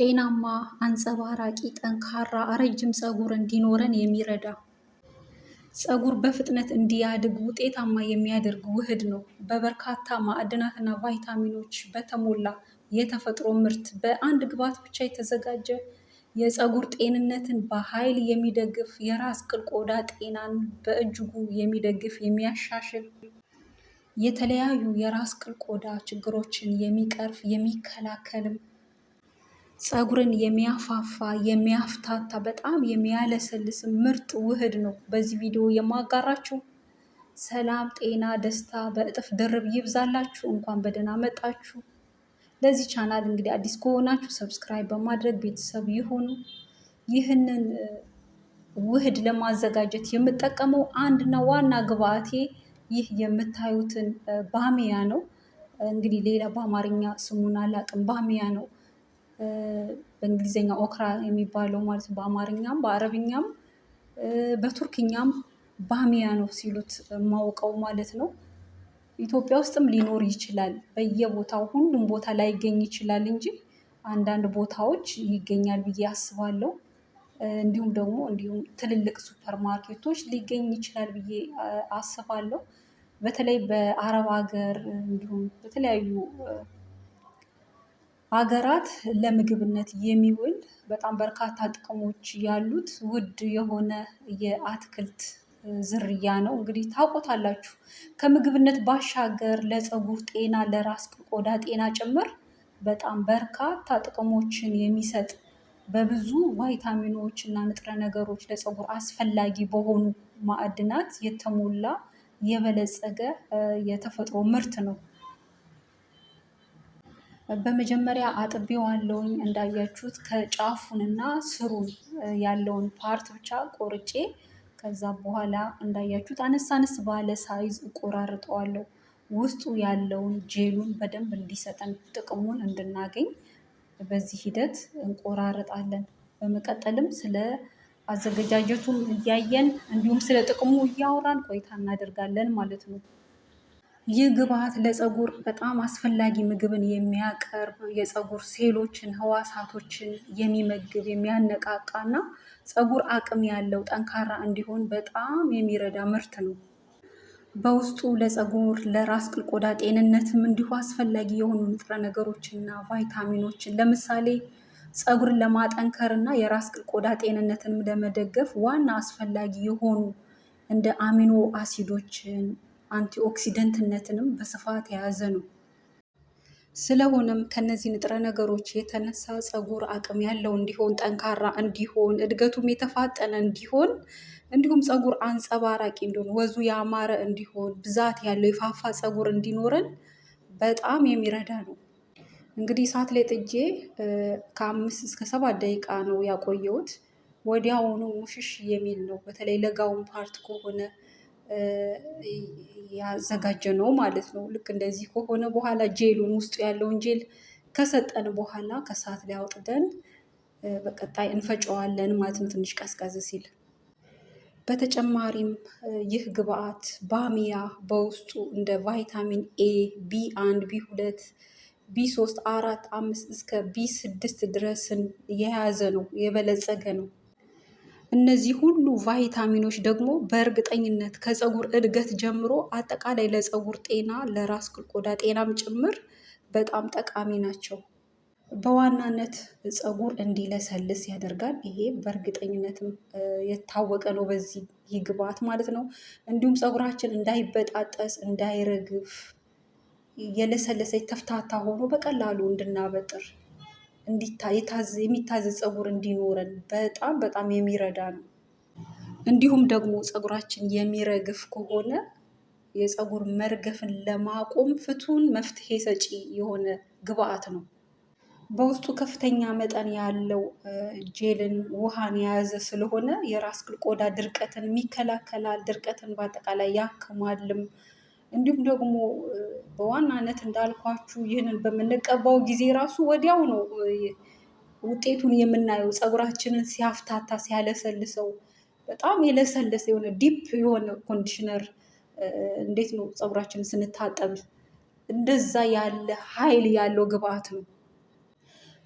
ጤናማ፣ አንጸባራቂ፣ ጠንካራ፣ ረጅም ፀጉር እንዲኖረን የሚረዳ ፀጉር በፍጥነት እንዲያድግ ውጤታማ የሚያደርግ ውህድ ነው። በበርካታ ማዕድናትና ቫይታሚኖች በተሞላ የተፈጥሮ ምርት በአንድ ግብዓት ብቻ የተዘጋጀ የፀጉር ጤንነትን በኃይል የሚደግፍ የራስ ቅል ቆዳ ጤናን በእጅጉ የሚደግፍ የሚያሻሽል የተለያዩ የራስ ቅል ቆዳ ችግሮችን የሚቀርፍ የሚከላከልም ፀጉርን የሚያፋፋ የሚያፍታታ በጣም የሚያለሰልስ ምርጥ ውህድ ነው በዚህ ቪዲዮ የማጋራችሁ። ሰላም፣ ጤና፣ ደስታ በእጥፍ ድርብ ይብዛላችሁ። እንኳን በደህና መጣችሁ። ለዚህ ቻናል እንግዲህ አዲስ ከሆናችሁ ሰብስክራይብ በማድረግ ቤተሰብ ይሁኑ። ይህንን ውህድ ለማዘጋጀት የምጠቀመው አንድና ዋና ግብአቴ ይህ የምታዩትን ባሚያ ነው። እንግዲህ ሌላ በአማርኛ ስሙን አላቅም፣ ባሚያ ነው በእንግሊዝኛ ኦክራ የሚባለው ማለት ነው። በአማርኛም በአረብኛም በቱርክኛም ባሚያ ነው ሲሉት ማውቀው ማለት ነው። ኢትዮጵያ ውስጥም ሊኖር ይችላል። በየቦታው ሁሉም ቦታ ላይገኝ ይችላል እንጂ አንዳንድ ቦታዎች ይገኛል ብዬ አስባለሁ። እንዲሁም ደግሞ እንዲሁም ትልልቅ ሱፐር ማርኬቶች ሊገኝ ይችላል ብዬ አስባለሁ። በተለይ በአረብ ሀገር እንዲሁም በተለያዩ ሀገራት ለምግብነት የሚውል በጣም በርካታ ጥቅሞች ያሉት ውድ የሆነ የአትክልት ዝርያ ነው። እንግዲህ ታውቆታላችሁ። ከምግብነት ባሻገር ለፀጉር ጤና፣ ለራስ ቆዳ ጤና ጭምር በጣም በርካታ ጥቅሞችን የሚሰጥ በብዙ ቫይታሚኖች እና ንጥረ ነገሮች ለፀጉር አስፈላጊ በሆኑ ማዕድናት የተሞላ የበለጸገ የተፈጥሮ ምርት ነው። በመጀመሪያ አጥቤዋለሁኝ እንዳያችሁት ከጫፉንና ስሩን ያለውን ፓርት ብቻ ቆርጬ ከዛ በኋላ እንዳያችሁት አነስ አነስ ባለ ሳይዝ እቆራርጠዋለሁ። ውስጡ ያለውን ጄሉን በደንብ እንዲሰጠን ጥቅሙን እንድናገኝ በዚህ ሂደት እንቆራርጣለን። በመቀጠልም ስለ አዘገጃጀቱን እያየን እንዲሁም ስለ ጥቅሙ እያወራን ቆይታ እናደርጋለን ማለት ነው። ይህ ግብአት ለፀጉር በጣም አስፈላጊ ምግብን የሚያቀርብ የፀጉር ሴሎችን ህዋሳቶችን የሚመግብ የሚያነቃቃና ፀጉር አቅም ያለው ጠንካራ እንዲሆን በጣም የሚረዳ ምርት ነው። በውስጡ ለፀጉር ለራስ ቅል ቆዳ ጤንነትም እንዲሁ አስፈላጊ የሆኑ ንጥረ ነገሮችና ቫይታሚኖችን ለምሳሌ ፀጉርን ለማጠንከር እና የራስ ቅል ቆዳ ጤንነትንም ለመደገፍ ዋና አስፈላጊ የሆኑ እንደ አሚኖ አሲዶችን አንቲኦክሲደንትነትንም በስፋት የያዘ ነው። ስለሆነም ከነዚህ ንጥረ ነገሮች የተነሳ ፀጉር አቅም ያለው እንዲሆን፣ ጠንካራ እንዲሆን፣ እድገቱም የተፋጠነ እንዲሆን እንዲሁም ፀጉር አንጸባራቂ እንዲሆን፣ ወዙ ያማረ እንዲሆን፣ ብዛት ያለው የፋፋ ፀጉር እንዲኖረን በጣም የሚረዳ ነው። እንግዲህ እሳት ላይ ጥጄ ከአምስት እስከ ሰባት ደቂቃ ነው ያቆየሁት። ወዲያውኑ ሙሽሽ የሚል ነው። በተለይ ለጋውን ፓርት ከሆነ ያዘጋጀ ነው ማለት ነው። ልክ እንደዚህ ከሆነ በኋላ ጄሉን ውስጡ ያለውን ጄል ከሰጠን በኋላ ከሰዓት ላይ አውጥተን በቀጣይ እንፈጨዋለን ማለት ነው። ትንሽ ቀዝቀዝ ሲል በተጨማሪም ይህ ግብአት ባሚያ በውስጡ እንደ ቫይታሚን ኤ፣ ቢ አንድ፣ ቢ ሁለት፣ ቢ ሶስት፣ አራት፣ አምስት እስከ ቢ ስድስት ድረስን የያዘ ነው የበለጸገ ነው። እነዚህ ሁሉ ቫይታሚኖች ደግሞ በእርግጠኝነት ከፀጉር እድገት ጀምሮ አጠቃላይ ለፀጉር ጤና፣ ለራስ ቅል ቆዳ ጤናም ጭምር በጣም ጠቃሚ ናቸው። በዋናነት ፀጉር እንዲለሰልስ ያደርጋል። ይሄ በእርግጠኝነትም የታወቀ ነው፣ በዚህ ይግባት ማለት ነው። እንዲሁም ፀጉራችን እንዳይበጣጠስ፣ እንዳይረግፍ የለሰለሰ የተፍታታ ሆኖ በቀላሉ እንድናበጥር የሚታዘ ፀጉር እንዲኖረን በጣም በጣም የሚረዳ ነው። እንዲሁም ደግሞ ፀጉራችን የሚረግፍ ከሆነ የፀጉር መርገፍን ለማቆም ፍቱን መፍትሄ ሰጪ የሆነ ግብአት ነው። በውስጡ ከፍተኛ መጠን ያለው ጄልን ውሃን የያዘ ስለሆነ የራስ ቅል ቆዳ ድርቀትን የሚከላከላል፣ ድርቀትን በአጠቃላይ ያክማልም እንዲሁም ደግሞ በዋናነት እንዳልኳችሁ ይህንን በምንቀባው ጊዜ ራሱ ወዲያው ነው ውጤቱን የምናየው። ፀጉራችንን ሲያፍታታ ሲያለሰልሰው በጣም የለሰለሰ የሆነ ዲፕ የሆነ ኮንዲሽነር እንዴት ነው ፀጉራችንን ስንታጠብ እንደዛ ያለ ኃይል ያለው ግብአት ነው።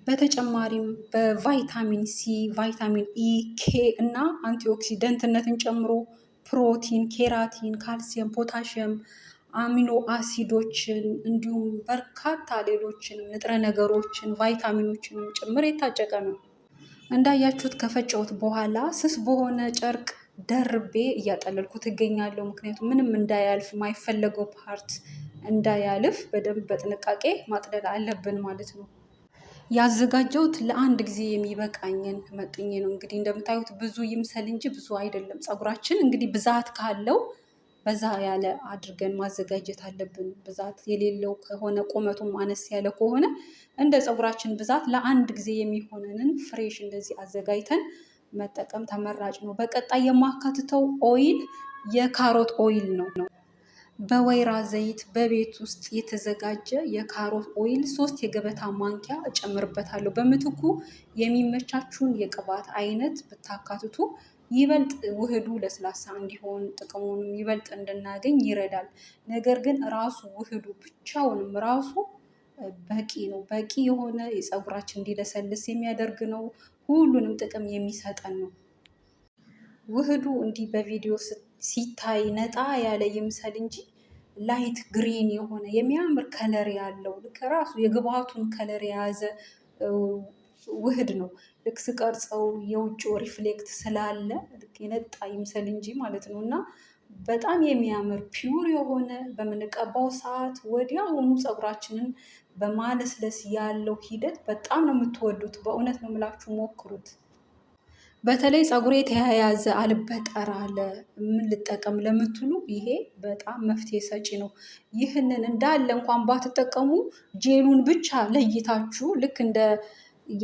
በተጨማሪም በቫይታሚን ሲ፣ ቫይታሚን ኢ፣ ኬ እና አንቲኦክሲደንትነትን ጨምሮ ፕሮቲን፣ ኬራቲን፣ ካልሲየም፣ ፖታሽየም አሚኖ አሲዶችን እንዲሁም በርካታ ሌሎችንም ንጥረ ነገሮችን ቫይታሚኖችንም ጭምር የታጨቀ ነው። እንዳያችሁት ከፈጨሁት በኋላ ስስ በሆነ ጨርቅ ደርቤ እያጠለልኩት እገኛለሁ። ምክንያቱም ምንም እንዳያልፍ የማይፈለገው ፓርት እንዳያልፍ በደንብ በጥንቃቄ ማጥለል አለብን ማለት ነው። ያዘጋጀሁት ለአንድ ጊዜ የሚበቃኝን መጥኜ ነው። እንግዲህ እንደምታዩት ብዙ ይምሰል እንጂ ብዙ አይደለም። ፀጉራችን እንግዲህ ብዛት ካለው በዛ ያለ አድርገን ማዘጋጀት አለብን። ብዛት የሌለው ከሆነ ቁመቱም አነስ ያለ ከሆነ እንደ ፀጉራችን ብዛት ለአንድ ጊዜ የሚሆነንን ፍሬሽ እንደዚህ አዘጋጅተን መጠቀም ተመራጭ ነው። በቀጣይ የማካትተው ኦይል የካሮት ኦይል ነው። በወይራ ዘይት በቤት ውስጥ የተዘጋጀ የካሮት ኦይል ሶስት የገበታ ማንኪያ እጨምርበታለሁ። በምትኩ የሚመቻችሁን የቅባት አይነት ብታካትቱ ይበልጥ ውህዱ ለስላሳ እንዲሆን ጥቅሙንም ይበልጥ እንድናገኝ ይረዳል። ነገር ግን ራሱ ውህዱ ብቻውንም ራሱ በቂ ነው። በቂ የሆነ የፀጉራችን እንዲለሰልስ የሚያደርግ ነው። ሁሉንም ጥቅም የሚሰጠን ነው። ውህዱ እንዲህ በቪዲዮ ሲታይ ነጣ ያለ ይምሰል እንጂ ላይት ግሪን የሆነ የሚያምር ከለር ያለው ልክ ራሱ የግብአቱን ከለር የያዘ ውህድ ነው። ልክ ስቀርጸው የውጭው ሪፍሌክት ስላለ የነጣ ይምሰል እንጂ ማለት ነው እና በጣም የሚያምር ፒውር የሆነ በምንቀባው ሰዓት ወዲያውኑ ፀጉራችንን በማለስለስ ያለው ሂደት በጣም ነው የምትወዱት። በእውነት ነው የምላችሁ፣ ሞክሩት። በተለይ ፀጉሬ የተያያዘ አልበጠር አለ ምን ልጠቀም ለምትሉ ይሄ በጣም መፍትሄ ሰጪ ነው። ይህንን እንዳለ እንኳን ባትጠቀሙ ጄሉን ብቻ ለይታችሁ ልክ እንደ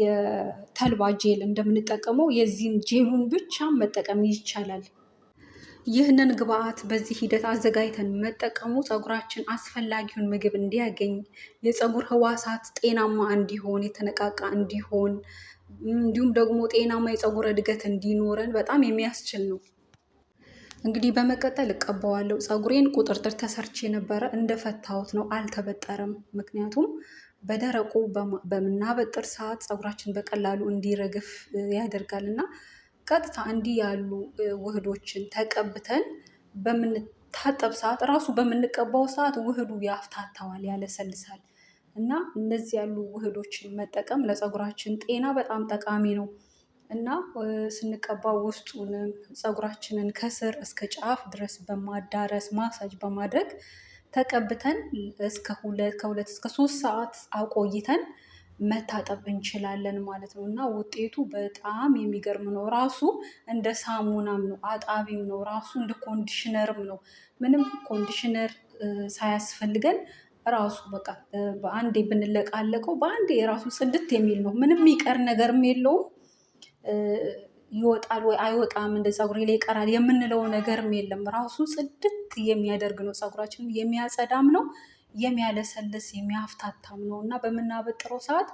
የተልባ ጄል እንደምንጠቀመው የዚህን ጄሉን ብቻ መጠቀም ይቻላል። ይህንን ግብአት በዚህ ሂደት አዘጋጅተን መጠቀሙ ፀጉራችን አስፈላጊውን ምግብ እንዲያገኝ፣ የፀጉር ህዋሳት ጤናማ እንዲሆን፣ የተነቃቃ እንዲሆን እንዲሁም ደግሞ ጤናማ የፀጉር እድገት እንዲኖረን በጣም የሚያስችል ነው። እንግዲህ በመቀጠል እቀባዋለሁ። ፀጉሬን ቁጥርጥር ተሰርቼ ነበረ እንደፈታሁት ነው፣ አልተበጠረም። ምክንያቱም በደረቁ በምናበጥር ሰዓት ፀጉራችን በቀላሉ እንዲረግፍ ያደርጋል እና ቀጥታ እንዲህ ያሉ ውህዶችን ተቀብተን በምንታጠብ ሰዓት ራሱ በምንቀባው ሰዓት ውህዱ ያፍታታዋል፣ ያለሰልሳል እና እነዚህ ያሉ ውህዶችን መጠቀም ለፀጉራችን ጤና በጣም ጠቃሚ ነው እና ስንቀባው ውስጡን ፀጉራችንን ከስር እስከ ጫፍ ድረስ በማዳረስ ማሳጅ በማድረግ ተቀብተን እስከ ሁለት ከሁለት እስከ ሶስት ሰዓት አቆይተን መታጠብ እንችላለን ማለት ነው እና ውጤቱ በጣም የሚገርም ነው። ራሱ እንደ ሳሙናም ነው፣ አጣቢም ነው፣ ራሱ እንደ ኮንዲሽነርም ነው። ምንም ኮንዲሽነር ሳያስፈልገን ራሱ በቃ በአንዴ ብንለቃለቀው በአንዴ የራሱ ጽድት የሚል ነው። ምንም የሚቀር ነገርም የለውም። ይወጣል ወይ አይወጣም፣ እንደ ፀጉሬ ላይ ይቀራል የምንለው ነገርም የለም። ራሱ ጽድት የሚያደርግ ነው፣ ፀጉራችን የሚያጸዳም ነው፣ የሚያለሰልስ የሚያፍታታም ነው እና በምናበጥረው ሰዓት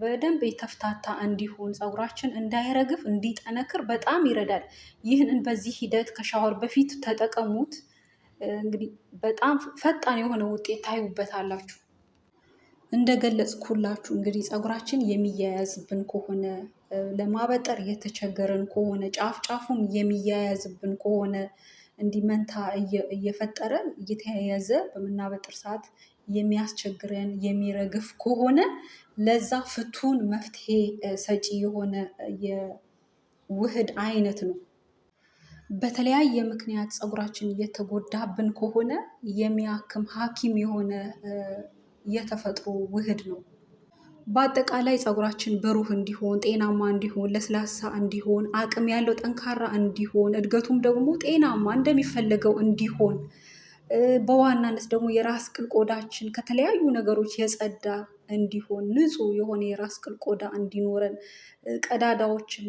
በደንብ የተፍታታ እንዲሆን ፀጉራችን እንዳይረግፍ እንዲጠነክር በጣም ይረዳል። ይህንን በዚህ ሂደት ከሻወር በፊት ተጠቀሙት። እንግዲህ በጣም ፈጣን የሆነ ውጤት ታዩበታላችሁ። እንደገለጽኩላችሁ እንግዲህ ፀጉራችን የሚያያዝብን ከሆነ ለማበጠር እየተቸገርን ከሆነ ጫፍ ጫፉም የሚያያዝብን ከሆነ እንዲህ መንታ እየፈጠረ እየተያያዘ በምናበጥር ሰዓት የሚያስቸግረን የሚረግፍ ከሆነ ለዛ ፍቱን መፍትሄ ሰጪ የሆነ የውህድ አይነት ነው። በተለያየ ምክንያት ፀጉራችን እየተጎዳብን ከሆነ የሚያክም ሐኪም የሆነ የተፈጥሮ ውህድ ነው። በአጠቃላይ ፀጉራችን ብሩህ እንዲሆን፣ ጤናማ እንዲሆን፣ ለስላሳ እንዲሆን፣ አቅም ያለው ጠንካራ እንዲሆን፣ እድገቱም ደግሞ ጤናማ እንደሚፈለገው እንዲሆን በዋናነት ደግሞ የራስ ቅል ቆዳችን ከተለያዩ ነገሮች የጸዳ እንዲሆን ንጹህ የሆነ የራስ ቅል ቆዳ እንዲኖረን ቀዳዳዎችን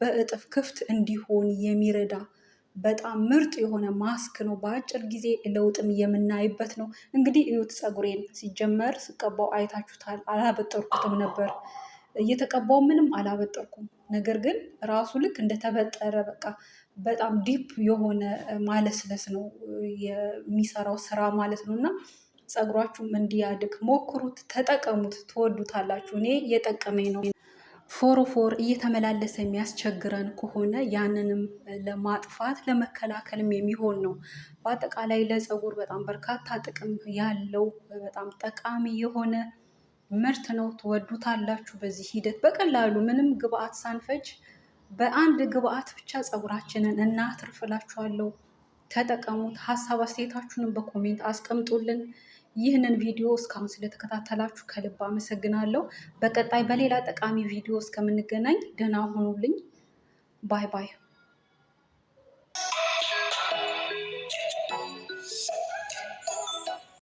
በእጥፍ ክፍት እንዲሆን የሚረዳ በጣም ምርጥ የሆነ ማስክ ነው። በአጭር ጊዜ ለውጥም የምናይበት ነው። እንግዲህ እዩት ፀጉሬን ሲጀመር ስቀባው አይታችሁታል። አላበጠርኩትም ነበር እየተቀባው ምንም አላበጠርኩም። ነገር ግን ራሱ ልክ እንደተበጠረ በቃ በጣም ዲፕ የሆነ ማለስለስ ነው የሚሰራው ስራ ማለት ነው እና ፀጉራችሁም እንዲያድግ ሞክሩት፣ ተጠቀሙት፣ ትወዱታላችሁ። እኔ የጠቀመኝ ነው። ፎሮፎር እየተመላለሰ የሚያስቸግረን ከሆነ ያንንም ለማጥፋት ለመከላከልም የሚሆን ነው። በአጠቃላይ ለፀጉር በጣም በርካታ ጥቅም ያለው በጣም ጠቃሚ የሆነ ምርት ነው። ትወዱታላችሁ። በዚህ ሂደት በቀላሉ ምንም ግብአት ሳንፈጅ በአንድ ግብአት ብቻ ፀጉራችንን እናትርፍላችኋለሁ። ተጠቀሙት። ሀሳብ አስተያየታችሁንም በኮሜንት አስቀምጡልን። ይህንን ቪዲዮ እስካሁን ስለተከታተላችሁ ከልብ አመሰግናለሁ። በቀጣይ በሌላ ጠቃሚ ቪዲዮ እስከምንገናኝ ደህና ሁኑልኝ። ባይ ባይ።